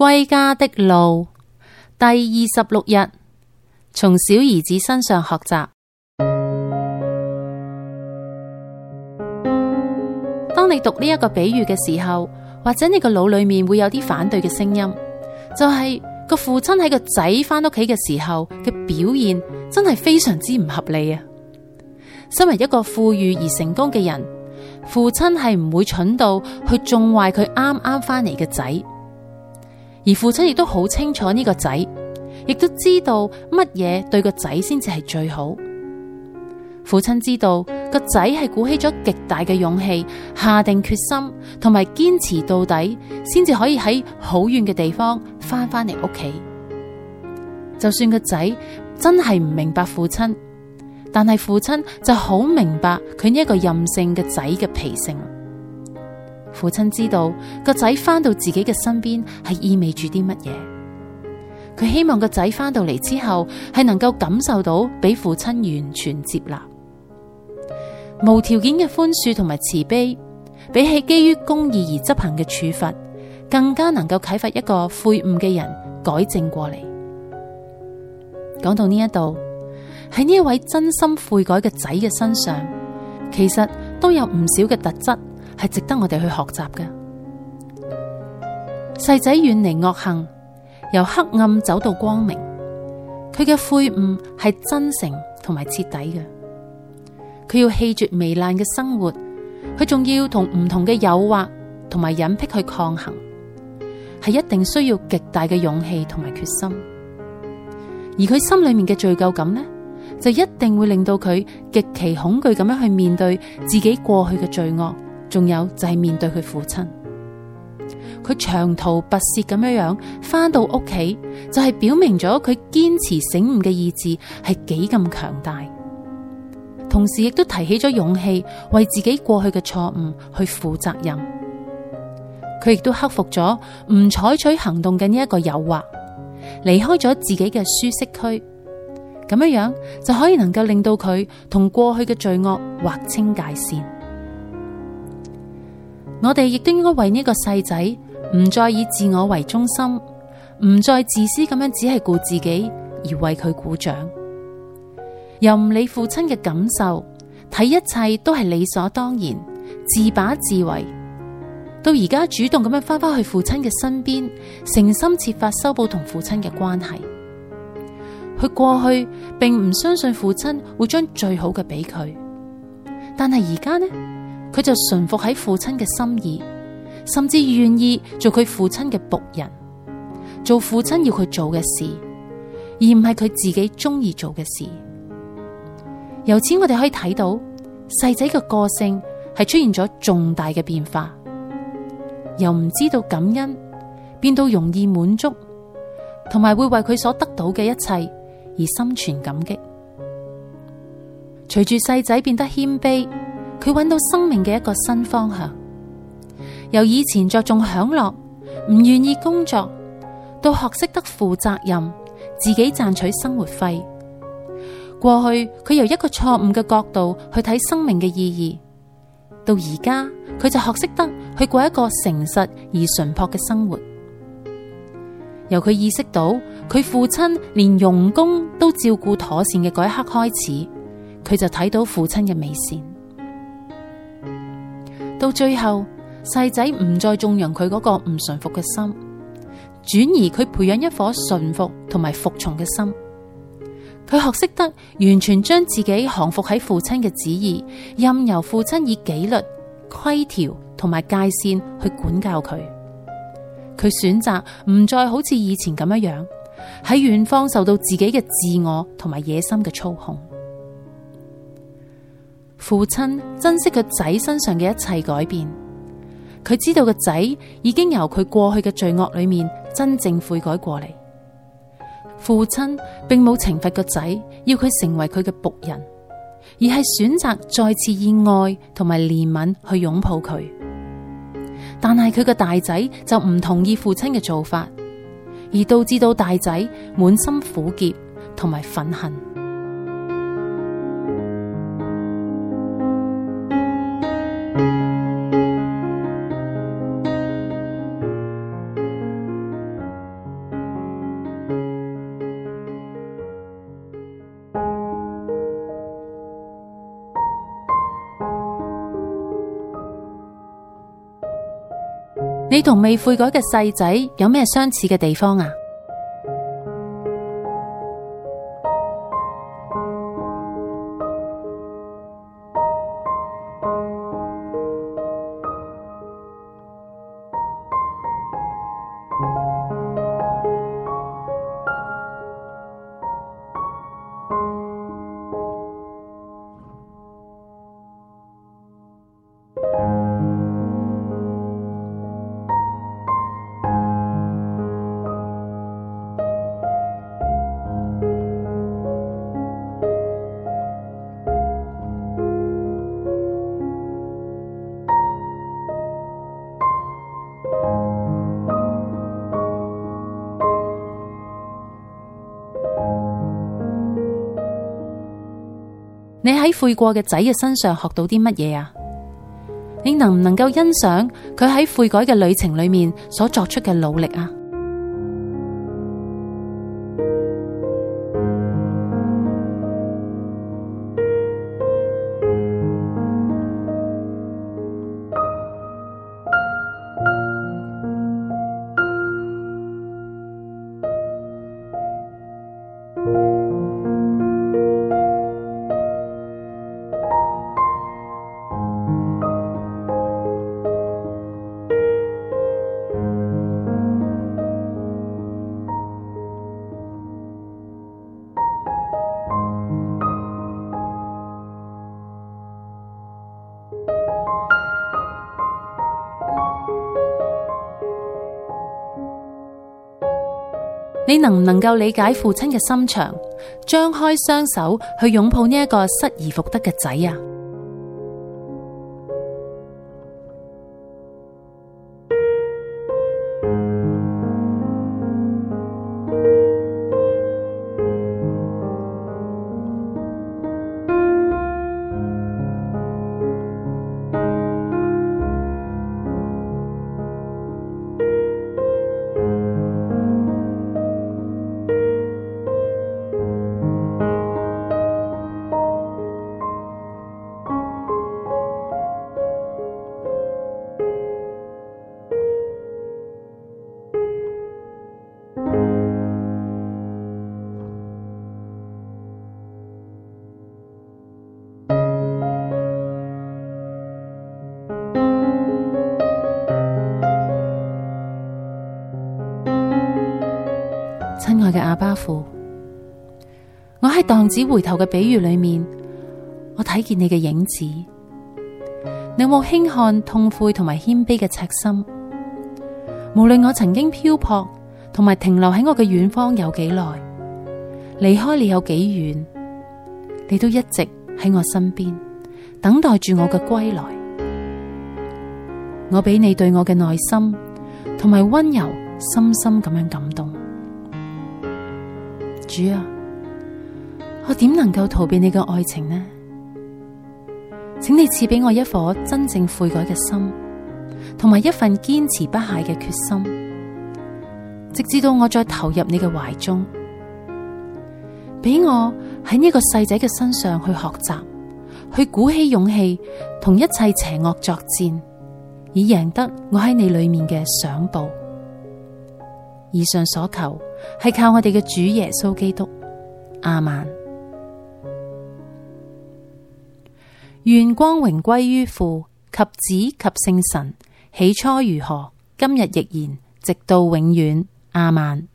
歸家的路第二十六日，從小兒子身上學習。當你讀呢一個比喻嘅時候，或者你個腦裏面會有啲反對嘅聲音，就係個父親喺個仔翻屋企嘅時候嘅表現真係非常之唔合理啊！身為一個富裕而成功嘅人，父親係唔會蠢到去縱壞佢啱啱翻嚟嘅仔。而父親亦都好清楚呢個仔，亦都知道乜嘢對個仔先至係最好。父親知道個仔係鼓起咗極大嘅勇氣，下定決心同埋堅持到底，先至可以喺好遠嘅地方返返嚟屋企。就算個仔真係唔明白父親，但係父親就好明白佢呢一個任性嘅仔嘅脾性。父親知道個仔翻到自己嘅身邊係意味住啲乜嘢。佢希望個仔翻到嚟之後係能夠感受到俾父親完全接納。無條件嘅寬恕同埋慈悲，比起基於公義而執行嘅處罰，更加能夠啟發一個悔悟嘅人改正過嚟。講到呢一度，喺呢一位真心悔改嘅仔嘅身上，其實都有唔少嘅特質。係值得我哋去學習嘅細仔，遠離惡行，由黑暗走到光明。佢嘅悔悟係真誠同埋徹底嘅。佢要棄絕糜爛嘅生活，佢仲要同唔同嘅誘惑同埋癮癖去抗衡，係一定需要極大嘅勇氣同埋決心。而佢心裏面嘅罪疚感呢，就一定會令到佢極其恐懼咁樣去面對自己過去嘅罪惡。仲有就係面對佢父親，佢長途跋涉咁樣樣翻到屋企，就係表明咗佢堅持醒悟嘅意志係幾咁強大，同時亦都提起咗勇氣為自己過去嘅錯誤去負責任。佢亦都克服咗唔採取行動嘅呢一個誘惑，離開咗自己嘅舒適區，咁樣樣就可以能夠令到佢同過去嘅罪惡劃清界線。我哋亦都應該為呢個細仔唔再以自我為中心，唔再自私咁樣只係顧自己而為佢鼓掌，由唔理父親嘅感受，睇一切都係理所當然，自把自為。到而家主動咁樣翻返去父親嘅身邊，誠心設法修補同父親嘅關係。佢過去並唔相信父親會將最好嘅俾佢，但係而家呢？佢就順服喺父親嘅心意，甚至願意做佢父親嘅僕人，做父親要佢做嘅事，而唔係佢自己中意做嘅事。由此我哋可以睇到細仔嘅個性係出現咗重大嘅變化，由唔知道感恩變到容易滿足，同埋會為佢所得到嘅一切而心存感激。隨住細仔變得謙卑。佢揾到生命嘅一個新方向，由以前着重享樂，唔願意工作，到學識得負責任，自己賺取生活費。過去佢由一個錯誤嘅角度去睇生命嘅意義，到而家佢就學識得去過一個誠實而淳朴嘅生活。由佢意識到佢父親連傭工都照顧妥善嘅嗰一刻開始，佢就睇到父親嘅美善。到最後，細仔唔再縱容佢嗰個唔馴服嘅心，轉移佢培養一顆馴服同埋服從嘅心。佢學識得完全將自己降服喺父親嘅旨意，任由父親以紀律、規條同埋界線去管教佢。佢選擇唔再好似以前咁樣樣喺遠方受到自己嘅自我同埋野心嘅操控。父親珍惜個仔身上嘅一切改變，佢知道個仔已經由佢過去嘅罪惡裏面真正悔改過嚟。父親並冇懲罰個仔，要佢成為佢嘅僕人，而係選擇再次以愛同埋憐憫去擁抱佢。但係佢嘅大仔就唔同意父親嘅做法，而導致到大仔滿心苦澀同埋憤恨。你同未悔改嘅細仔有咩相似嘅地方啊？你喺悔過嘅仔嘅身上學到啲乜嘢啊？你能唔能夠欣賞佢喺悔改嘅旅程裏面所作出嘅努力啊？你能唔能夠理解父親嘅心腸，張開雙手去擁抱呢一個失而復得嘅仔啊？嘅阿爸父，我喺蕩子回頭嘅比喻裏面，我睇見你嘅影子。你冇輕看痛悔同埋謙卑嘅赤心。無論我曾經漂泊同埋停留喺我嘅遠方有幾耐，離開你有幾遠，你都一直喺我身邊等待住我嘅歸來。我俾你對我嘅耐心同埋溫柔深深咁樣感動。主啊，我點能夠逃避你嘅愛情呢？請你賜俾我一顆真正悔改嘅心，同埋一份堅持不懈嘅決心，直至到我再投入你嘅懷中，俾我喺呢個細仔嘅身上去學習，去鼓起勇氣，同一切邪惡作戰，以贏得我喺你裏面嘅賞報。以上所求係靠我哋嘅主耶穌基督。亞孟。願光榮歸於父及子及聖神。起初如何，今日亦然，直到永遠。亞孟。